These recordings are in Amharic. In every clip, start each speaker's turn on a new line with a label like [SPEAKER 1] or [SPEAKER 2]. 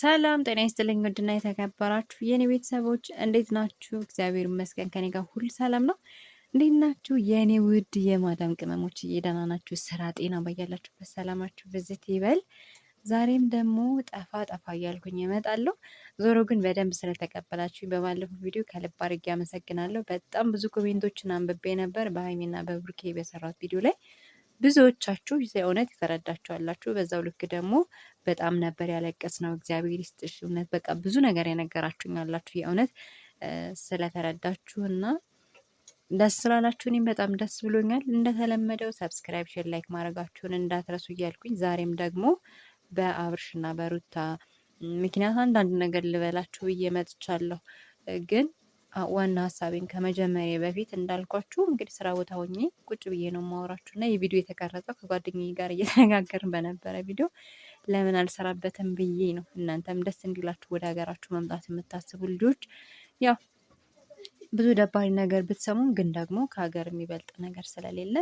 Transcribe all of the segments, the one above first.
[SPEAKER 1] ሰላም ጤና ይስጥልኝ። ውድና የተከበራችሁ የኔ ቤተሰቦች እንዴት ናችሁ? እግዚአብሔር ይመስገን ከኔ ጋር ሁሉ ሰላም ነው። እንዴት ናችሁ የእኔ ውድ የማዳም ቅመሞች? እየደህና ናችሁ? ስራ ጤና ባያላችሁበት ሰላማችሁ ብዝት ይበል። ዛሬም ደግሞ ጠፋ ጠፋ እያልኩኝ እመጣለሁ። ዞሮ ግን በደንብ ስለተቀበላችሁኝ በባለፈው ቪዲዮ ከልብ አድርጌ አመሰግናለሁ። በጣም ብዙ ኮሜንቶችን አንብቤ ነበር በሀይሚና በብሩኬ በሰራት ቪዲዮ ላይ ብዙዎቻችሁ እውነት የተረዳችኋላችሁ። በዛው ልክ ደግሞ በጣም ነበር ያለቀስ ነው። እግዚአብሔር ይስጥሽ እውነት በቃ ብዙ ነገር የነገራችሁኝ ያላችሁ የእውነት ስለተረዳችሁና ደስ ስላላችሁ እኔም በጣም ደስ ብሎኛል። እንደተለመደው ሰብስክራይብ፣ ሼር፣ ላይክ ማድረጋችሁን እንዳትረሱ እያልኩኝ ዛሬም ደግሞ በአብርሽና በሩታ ምክንያት አንዳንድ ነገር ልበላችሁ ብዬ መጥቻለሁ። ግን ዋና ሀሳቤን ከመጀመሪያ በፊት እንዳልኳችሁ እንግዲህ ስራ ቦታ ሆኜ ቁጭ ብዬ ነው ማወራችሁ እና የቪዲዮ የተቀረጸው ከጓደኛዬ ጋር እየተነጋገርን በነበረ ቪዲዮ ለምን አልሰራበትም ብዬ ነው። እናንተም ደስ እንዲላችሁ ወደ ሀገራችሁ መምጣት የምታስቡ ልጆች ያው ብዙ ደባሪ ነገር ብትሰሙም ግን ደግሞ ከሀገር የሚበልጥ ነገር ስለሌለ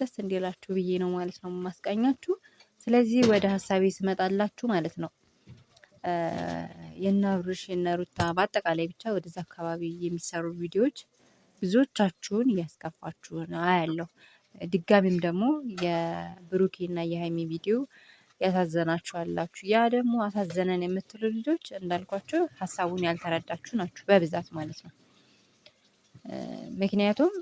[SPEAKER 1] ደስ እንዲላችሁ ብዬ ነው ማለት ነው ማስቃኛችሁ። ስለዚህ ወደ ሀሳቤ ስመጣላችሁ ማለት ነው የእነ የናሩታ በአጠቃላይ ብቻ ወደዛ አካባቢ የሚሰሩ ቪዲዮዎች ብዙዎቻችሁን እያስከፋችሁን አያለሁ። ድጋሚም ደግሞ የብሩኬና የሀይሚ ቪዲዮ ያሳዘናችሁ አላችሁ። ያ ደግሞ አሳዘነን የምትሉ ልጆች እንዳልኳቸው ሀሳቡን ያልተረዳችሁ ናችሁ በብዛት ማለት ነው። ምክንያቱም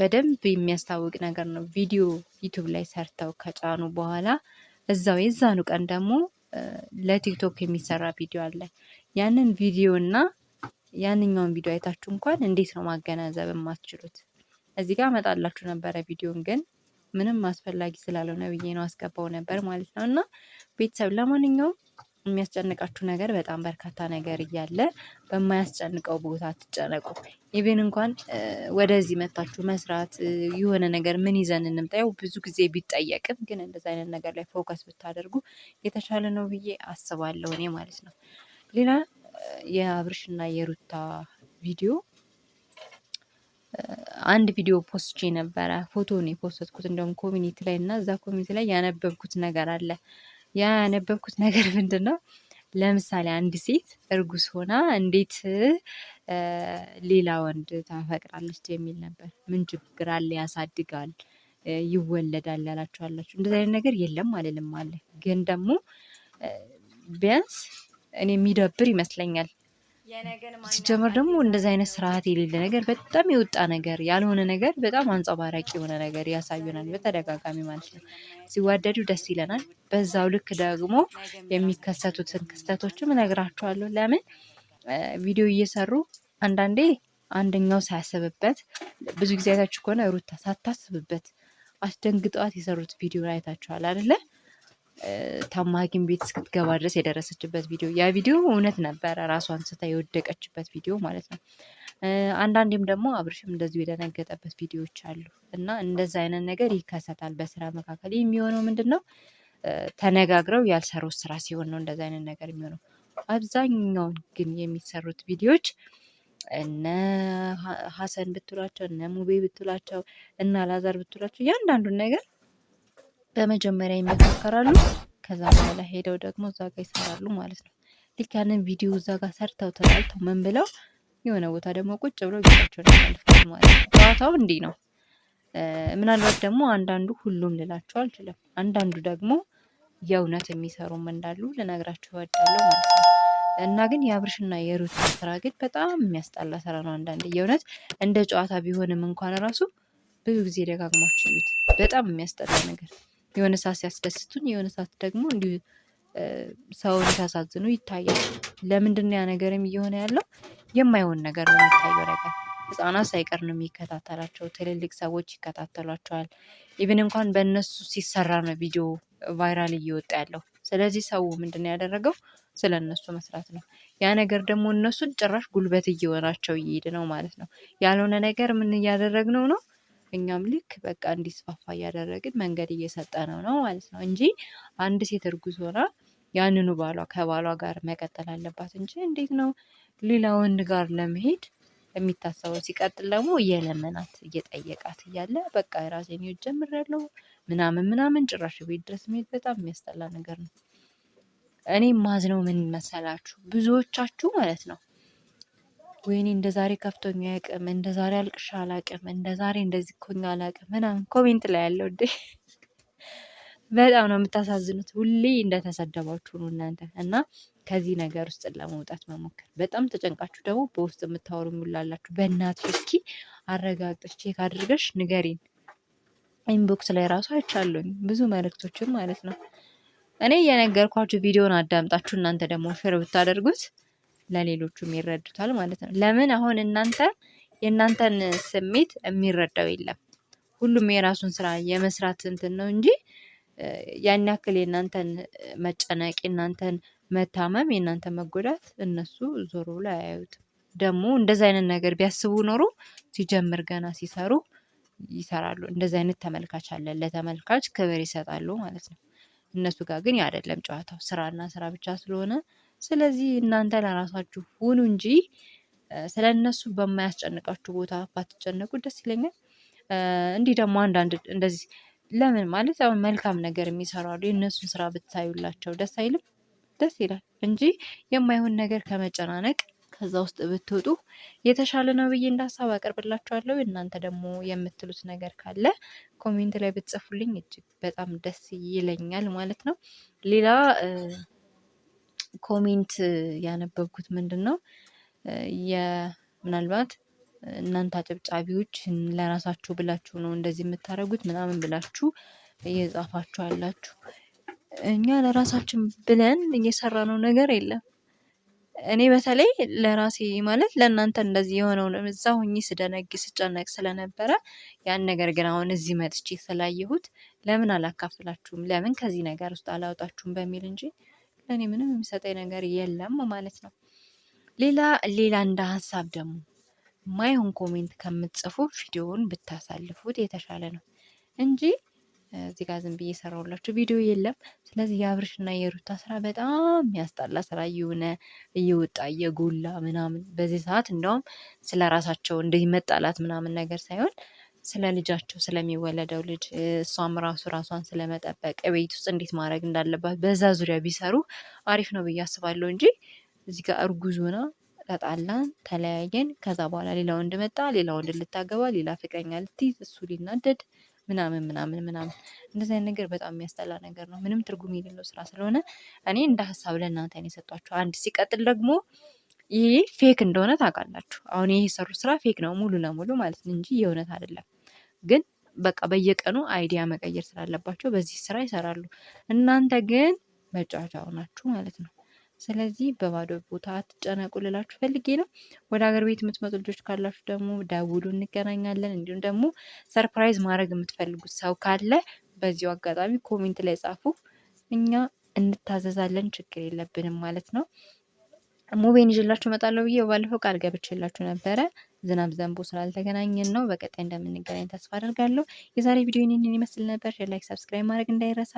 [SPEAKER 1] በደንብ የሚያስታውቅ ነገር ነው። ቪዲዮ ዩቱብ ላይ ሰርተው ከጫኑ በኋላ እዛው የዛኑ ቀን ደግሞ ለቲክቶክ የሚሰራ ቪዲዮ አለ። ያንን ቪዲዮ እና ያንኛውን ቪዲዮ አይታችሁ እንኳን እንዴት ነው ማገናዘብ የማትችሉት? እዚህ ጋር መጣላችሁ ነበረ ቪዲዮን ግን ምንም አስፈላጊ ስላልሆነ ብዬ ነው አስገባው ነበር ማለት ነው። እና ቤተሰብ ለማንኛውም የሚያስጨንቃችሁ ነገር በጣም በርካታ ነገር እያለ በማያስጨንቀው ቦታ ትጨነቁ ኢቭን እንኳን ወደዚህ መታችሁ መስራት የሆነ ነገር ምን ይዘን እንምጣየው ብዙ ጊዜ ቢጠየቅም ግን እንደዚ አይነት ነገር ላይ ፎከስ ብታደርጉ የተሻለ ነው ብዬ አስባለሁ እኔ ማለት ነው። ሌላ የአብርሽና የሩታ ቪዲዮ አንድ ቪዲዮ ፖስቼ ነበረ። ፎቶ ነው የፖስትኩት እንደውም ኮሚኒቲ ላይ እና እዛ ኮሚኒቲ ላይ ያነበብኩት ነገር አለ ያነበብኩት ነገር ምንድን ነው? ለምሳሌ አንድ ሴት እርጉዝ ሆና እንዴት ሌላ ወንድ ታፈቅራለች የሚል ነበር። ምን ችግር አለ? ያሳድጋል፣ ይወለዳል ያላችኋላችሁ። እንደዚ አይነት ነገር የለም አልልም አለ ግን ደግሞ ቢያንስ እኔ የሚደብር ይመስለኛል ሲጀመር ደግሞ እንደዚ አይነት ስርዓት የሌለ ነገር በጣም የወጣ ነገር ያልሆነ ነገር በጣም አንጸባራቂ የሆነ ነገር ያሳዩናል፣ በተደጋጋሚ ማለት ነው። ሲዋደዱ ደስ ይለናል። በዛው ልክ ደግሞ የሚከሰቱትን ክስተቶችም እነግራችኋለሁ። ለምን ቪዲዮ እየሰሩ አንዳንዴ አንደኛው ሳያስብበት ብዙ ጊዜ አይታችሁ ከሆነ ሩታ ሳታስብበት አስደንግጠዋት የሰሩት ቪዲዮ አይታችኋል አይደለ? ታማጊን ቤት እስክትገባ ድረስ የደረሰችበት ቪዲዮ ያ ቪዲዮ እውነት ነበረ። ራሷን ስታ የወደቀችበት ቪዲዮ ማለት ነው። አንዳንዴም ደግሞ አብርሽም እንደዚሁ የደነገጠበት ቪዲዮዎች አሉ እና እንደዚ አይነት ነገር ይከሰታል በስራ መካከል። የሚሆነው ምንድን ነው? ተነጋግረው ያልሰሩት ስራ ሲሆን ነው እንደዚ አይነት ነገር የሚሆነው። አብዛኛውን ግን የሚሰሩት ቪዲዮዎች እነ ሀሰን ብትሏቸው እነ ሙቤ ብትሏቸው እነ አላዛር ብትሏቸው እያንዳንዱን ነገር በመጀመሪያ ይመካከራሉ። ከዛ በኋላ ሄደው ደግሞ እዛ ጋር ይሰራሉ ማለት ነው። ልክ ያንን ቪዲዮ እዛ ጋር ሰርተው ተጣልተው ምን ብለው የሆነ ቦታ ደግሞ ቁጭ ብለው ጊዜያቸውን ያሳልፋሉ ማለት ነው። ጨዋታው እንዲህ ነው። ምናልባት ደግሞ አንዳንዱ ሁሉም ልላቸው አልችልም። አንዳንዱ ደግሞ የእውነት የሚሰሩም እንዳሉ ልነግራቸው እወዳለሁ ማለት ነው። እና ግን የአብርሽና የሩት ስራ ግን በጣም የሚያስጠላ ስራ ነው። አንዳንድ የእውነት እንደ ጨዋታ ቢሆንም እንኳን ራሱ ብዙ ጊዜ ደጋግማችሁ ይዩት። በጣም የሚያስጠላ ነገር የሆነ ሰዓት ሲያስደስቱን፣ የሆነ ሰዓት ደግሞ እንዲሁ ሰውን ሲያሳዝኑ ይታያል። ለምንድን ነው ያ ነገርም እየሆነ ያለው? የማይሆን ነገር ነው የሚታየው ነገር ህጻናት ሳይቀር ነው የሚከታተላቸው። ትልልቅ ሰዎች ይከታተሏቸዋል። ኢቭን እንኳን በእነሱ ሲሰራ ነው ቪዲዮ ቫይራል እየወጣ ያለው። ስለዚህ ሰው ምንድን ነው ያደረገው? ስለ እነሱ መስራት ነው። ያ ነገር ደግሞ እነሱን ጭራሽ ጉልበት እየሆናቸው እየሄድ ነው ማለት ነው። ያልሆነ ነገር ምን እያደረግነው ነው እኛም ልክ በቃ እንዲስፋፋ እያደረግን መንገድ እየሰጠነው ነው ማለት ነው እንጂ አንድ ሴት እርጉዝ ሆና ያንኑ ባሏ ከባሏ ጋር መቀጠል አለባት እንጂ እንዴት ነው ሌላ ወንድ ጋር ለመሄድ የሚታሰበው? ሲቀጥል ደግሞ እየለመናት እየጠየቃት እያለ በቃ የራሴን ሕይወት ጀምሬያለሁ ምናምን ምናምን ጭራሽ ቤት ድረስ መሄድ በጣም የሚያስጠላ ነገር ነው። እኔ ማዝነው ምን መሰላችሁ ብዙዎቻችሁ ማለት ነው ወይኔ እንደ ዛሬ ከፍቶኛ አያውቅም፣ እንደ ዛሬ አልቅሻ አላውቅም፣ እንደ ዛሬ እንደዚህ ኮኛ አላውቅም ምናምን ኮሜንት ላይ ያለው እንዴ በጣም ነው የምታሳዝኑት። ሁሌ እንደተሰደባችሁ ነው እናንተ እና ከዚህ ነገር ውስጥ ለመውጣት መሞከር በጣም ተጨንቃችሁ ደግሞ በውስጥ የምታወሩ ሙላላችሁ። በእናትሽ እስኪ አረጋግጠሽ ቼክ አድርገሽ ንገሪን። ኢንቦክስ ላይ ራሱ አይቻለኝ ብዙ መልእክቶችን ማለት ነው። እኔ የነገርኳችሁ ቪዲዮን አዳምጣችሁ እናንተ ደግሞ ሼር ብታደርጉት ለሌሎቹም ይረዱታል ማለት ነው። ለምን አሁን እናንተ የእናንተን ስሜት የሚረዳው የለም። ሁሉም የራሱን ስራ የመስራት እንትን ነው እንጂ ያን ያክል የእናንተን መጨነቅ፣ የእናንተን መታመም፣ የእናንተን መጎዳት እነሱ ዞሮ ላይ አያዩትም። ደግሞ እንደዚ አይነት ነገር ቢያስቡ ኖሮ ሲጀምር ገና ሲሰሩ ይሰራሉ። እንደዚ አይነት ተመልካች አለ። ለተመልካች ክብር ይሰጣሉ ማለት ነው። እነሱ ጋር ግን አይደለም ጨዋታው ስራና ስራ ብቻ ስለሆነ ስለዚህ እናንተ ለራሳችሁ ሁኑ እንጂ ስለ እነሱ በማያስጨንቃችሁ ቦታ ባትጨነቁ ደስ ይለኛል። እንዲህ ደግሞ አንዳንድ እንደዚህ ለምን ማለት አሁን መልካም ነገር የሚሰራሉ የእነሱን ስራ ብታዩላቸው ደስ አይልም? ደስ ይላል እንጂ የማይሆን ነገር ከመጨናነቅ ከዛ ውስጥ ብትወጡ የተሻለ ነው ብዬ እንደ ሀሳብ አቀርብላችኋለሁ። እናንተ ደግሞ የምትሉት ነገር ካለ ኮሜንት ላይ ብትጽፉልኝ እጅግ በጣም ደስ ይለኛል ማለት ነው ሌላ ኮሜንት ያነበብኩት ምንድን ነው ምናልባት እናንተ አጨብጫቢዎች ለራሳችሁ ብላችሁ ነው እንደዚህ የምታደርጉት ምናምን ብላችሁ እየጻፋችሁ አላችሁ። እኛ ለራሳችን ብለን እየሰራ ነው ነገር የለም። እኔ በተለይ ለራሴ ማለት ለእናንተ እንደዚህ የሆነው እዛ ሁኜ ስደነግ ስጨነቅ ስለነበረ ያን ነገር ግን አሁን እዚህ መጥቼ ስላየሁት ለምን አላካፍላችሁም፣ ለምን ከዚህ ነገር ውስጥ አላወጣችሁም በሚል እንጂ ለእኔ ምንም የሚሰጠኝ ነገር የለም ማለት ነው። ሌላ ሌላ እንደ ሀሳብ ደግሞ ማይሆን ኮሜንት ከምትጽፉ ቪዲዮውን ብታሳልፉት የተሻለ ነው እንጂ እዚህ ጋር ዝም ብዬ ቪዲዮ የለም። ስለዚህ የአብርሽና የሩታ ስራ በጣም ያስጣላ ስራ እየሆነ እየወጣ እየጎላ ምናምን በዚህ ሰዓት እንደውም ስለ ራሳቸው እንደዚህ መጣላት ምናምን ነገር ሳይሆን ስለ ልጃቸው ስለሚወለደው ልጅ እሷም ራሱ ራሷን ስለመጠበቅ ቤት ውስጥ እንዴት ማድረግ እንዳለባት በዛ ዙሪያ ቢሰሩ አሪፍ ነው ብዬ አስባለሁ እንጂ እዚህ ጋር እርጉዙና ተጣላን፣ ተለያየን፣ ከዛ በኋላ ሌላ ወንድ መጣ፣ ሌላ ወንድ ልታገባ፣ ሌላ ፍቅረኛ ልትይዝ፣ እሱ ሊናደድ ምናምን ምናምን ምናምን እንደዚህ አይነት ነገር በጣም የሚያስጠላ ነገር ነው። ምንም ትርጉም የሌለው ስራ ስለሆነ እኔ እንደ ሀሳብ ለእናንተ ነው የሰጧቸው። አንድ ሲቀጥል ደግሞ ይሄ ፌክ እንደሆነ ታውቃላችሁ። አሁን ይሄ የሰሩ ስራ ፌክ ነው ሙሉ ለሙሉ ማለት ነው እንጂ የእውነት አይደለም። ግን በቃ በየቀኑ አይዲያ መቀየር ስላለባቸው በዚህ ስራ ይሰራሉ። እናንተ ግን መጫወቻው ናችሁ ማለት ነው። ስለዚህ በባዶ ቦታ አትጨነቁ ልላችሁ ፈልጌ ነው። ወደ ሀገር ቤት የምትመጡ ልጆች ካላችሁ ደግሞ ደውሉ፣ እንገናኛለን። እንዲሁም ደግሞ ሰርፕራይዝ ማድረግ የምትፈልጉት ሰው ካለ በዚሁ አጋጣሚ ኮሜንት ላይ ጻፉ። እኛ እንታዘዛለን፣ ችግር የለብንም ማለት ነው። ሙቤን ይዤላችሁ እመጣለሁ ብዬ ባለፈው ቃል ገብቼላችሁ ነበረ። ዝናብ ዘንቦ ስላልተገናኘን ነው። በቀጣይ እንደምንገናኝ ተስፋ አደርጋለሁ። የዛሬ ቪዲዮ ይህንን ይመስል ነበር። ላይክ፣ ሰብስክራይብ ማድረግ እንዳይረሳ።